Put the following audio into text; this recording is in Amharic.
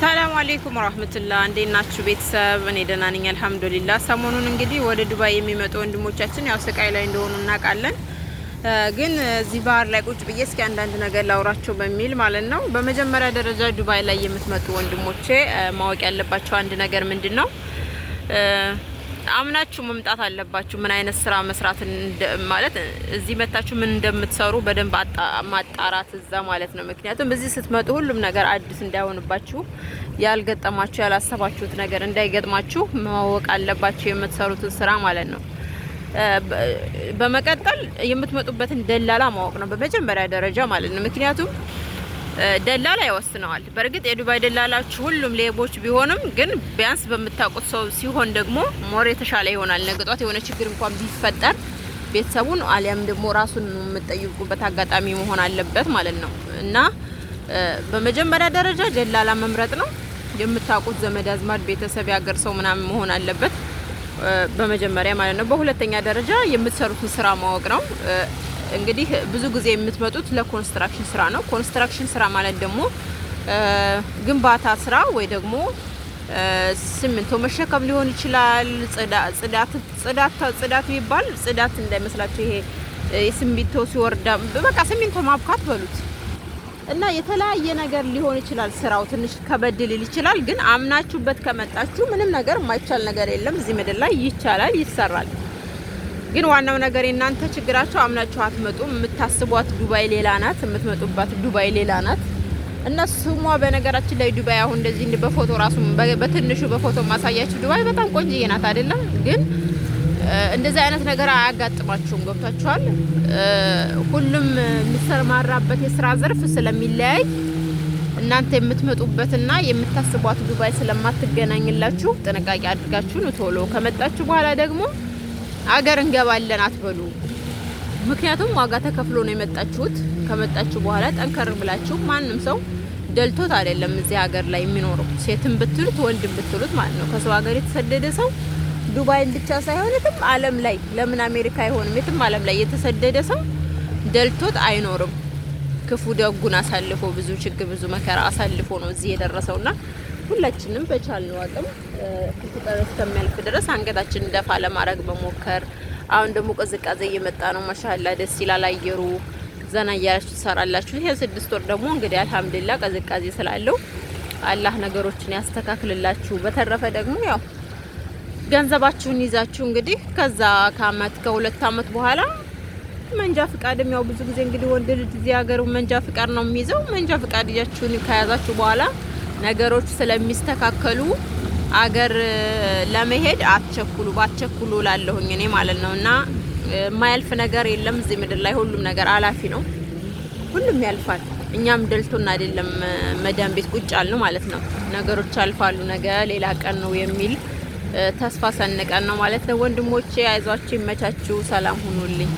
ሰላም አሌይኩም ረህመቱላ እንዴት ናችሁ ቤተሰብ? እኔ ደህና ነኝ አልሐምዱሊላ። ሰሞኑን እንግዲህ ወደ ዱባይ የሚመጡ ወንድሞቻችን ያው ስቃይ ላይ እንደሆኑ እናውቃለን። ግን እዚህ ባህር ላይ ቁጭ ብዬ እስኪ አንዳንድ ነገር ላውራቸው በሚል ማለት ነው። በመጀመሪያ ደረጃ ዱባይ ላይ የምትመጡ ወንድሞቼ ማወቅ ያለባቸው አንድ ነገር ምንድን ነው? አምናችሁ መምጣት አለባችሁ። ምን አይነት ስራ መስራት ማለት እዚህ መታችሁ ምን እንደምትሰሩ በደንብ ማጣራት እዛ ማለት ነው። ምክንያቱም እዚህ ስትመጡ ሁሉም ነገር አዲስ እንዳይሆንባችሁ፣ ያልገጠማችሁ ያላሰባችሁት ነገር እንዳይገጥማችሁ ማወቅ አለባችሁ የምትሰሩትን ስራ ማለት ነው። በመቀጠል የምትመጡበትን ደላላ ማወቅ ነው በመጀመሪያ ደረጃ ማለት ነው። ምክንያቱም ደላላ ይወስነዋል። በእርግጥ የዱባይ ደላላዎች ሁሉም ሌቦች ቢሆንም ግን ቢያንስ በምታውቁት ሰው ሲሆን ደግሞ ሞር የተሻለ ይሆናል። ነገጧት የሆነ ችግር እንኳን ቢፈጠር ቤተሰቡን አሊያም ደግሞ ራሱን የምጠይቁበት አጋጣሚ መሆን አለበት ማለት ነው እና በመጀመሪያ ደረጃ ደላላ መምረጥ ነው። የምታውቁት ዘመድ አዝማድ፣ ቤተሰብ፣ ያገር ሰው ምናምን መሆን አለበት በመጀመሪያ ማለት ነው። በሁለተኛ ደረጃ የምትሰሩትን ስራ ማወቅ ነው። እንግዲህ ብዙ ጊዜ የምትመጡት ለኮንስትራክሽን ስራ ነው። ኮንስትራክሽን ስራ ማለት ደግሞ ግንባታ ስራ ወይ ደግሞ ሲሚንቶ መሸከም ሊሆን ይችላል። ጽዳት ጽዳት ይባል ጽዳት እንዳይመስላችሁ ይሄ የሲሚንቶ ሲወርዳ በቃ ሲሚንቶ ማብካት በሉት እና የተለያየ ነገር ሊሆን ይችላል። ስራው ትንሽ ከበድ ሊል ይችላል። ግን አምናችሁበት ከመጣችሁ ምንም ነገር የማይቻል ነገር የለም። እዚህ ምድር ላይ ይቻላል፣ ይሰራል። ግን ዋናው ነገር የእናንተ ችግራቸው አምናችሁ አትመጡም። የምታስቧት ዱባይ ሌላ ናት፣ የምትመጡባት ዱባይ ሌላ ናት። እና ስሟ በነገራችን ላይ ዱባይ አሁን እንደዚህ በፎቶ ራሱ በትንሹ በፎቶ ማሳያችሁ ዱባይ በጣም ቆንጅዬ ናት አይደለም? ግን እንደዚህ አይነት ነገር አያጋጥማችሁም። ገብታችኋል። ሁሉም የሚሰማራበት የስራ ዘርፍ ስለሚለያይ እናንተ የምትመጡበትና የምታስቧት ዱባይ ስለማትገናኝላችሁ ጥንቃቄ አድርጋችሁ ቶሎ ከመጣችሁ በኋላ ደግሞ አገር እንገባለን አትበሉ። ምክንያቱም ዋጋ ተከፍሎ ነው የመጣችሁት። ከመጣችሁ በኋላ ጠንከር ብላችሁ ማንም ሰው ደልቶት አይደለም እዚህ ሀገር ላይ የሚኖረው ሴትም ብትሉት ወንድም ብትሉት ማለት ነው። ከሰው ሀገር የተሰደደ ሰው ዱባይን ብቻ ሳይሆን የትም ዓለም ላይ ለምን አሜሪካ አይሆንም? የትም ዓለም ላይ የተሰደደ ሰው ደልቶት አይኖርም። ክፉ ደጉን አሳልፎ ብዙ ችግር ብዙ መከራ አሳልፎ ነው እዚህ የደረሰውና ሁላችንም በቻልነው አቅም ፍጥር እስከሚያልፍ ድረስ አንገታችን ደፋ ለማድረግ መሞከር። አሁን ደግሞ ቅዝቃዜ እየመጣ ነው። ማሻላ ደስ ይላል አየሩ። ዘና እያላችሁ ትሰራላችሁ። ይሄ ስድስት ወር ደግሞ እንግዲህ አልሐምዱሊላ ቅዝቃዜ ስላለው አላህ ነገሮችን ያስተካክልላችሁ። በተረፈ ደግሞ ያው ገንዘባችሁን ይዛችሁ እንግዲህ ከዛ ከአመት ከሁለት አመት በኋላ መንጃ ፍቃድም ያው ብዙ ጊዜ እንግዲህ ወንድ ልጅ እዚህ ሀገር መንጃ ፍቃድ ነው የሚይዘው። መንጃ ፍቃድ ይዛችሁን ከያዛችሁ በኋላ ነገሮች ስለሚስተካከሉ አገር ለመሄድ አትቸኩሉ ባትቸኩሉ ላለሁኝ እኔ ማለት ነው። እና የማያልፍ ነገር የለም እዚህ ምድር ላይ ሁሉም ነገር አላፊ ነው። ሁሉም ያልፋል። እኛም ደልቶን አይደለም መዳን ቤት ቁጭ አልነው ማለት ነው። ነገሮች አልፋሉ፣ ነገ ሌላ ቀን ነው የሚል ተስፋ ሰንቀን ነው ማለት ነው። ወንድሞቼ አይዟችሁ፣ ይመቻችሁ፣ ሰላም ሁኑልኝ።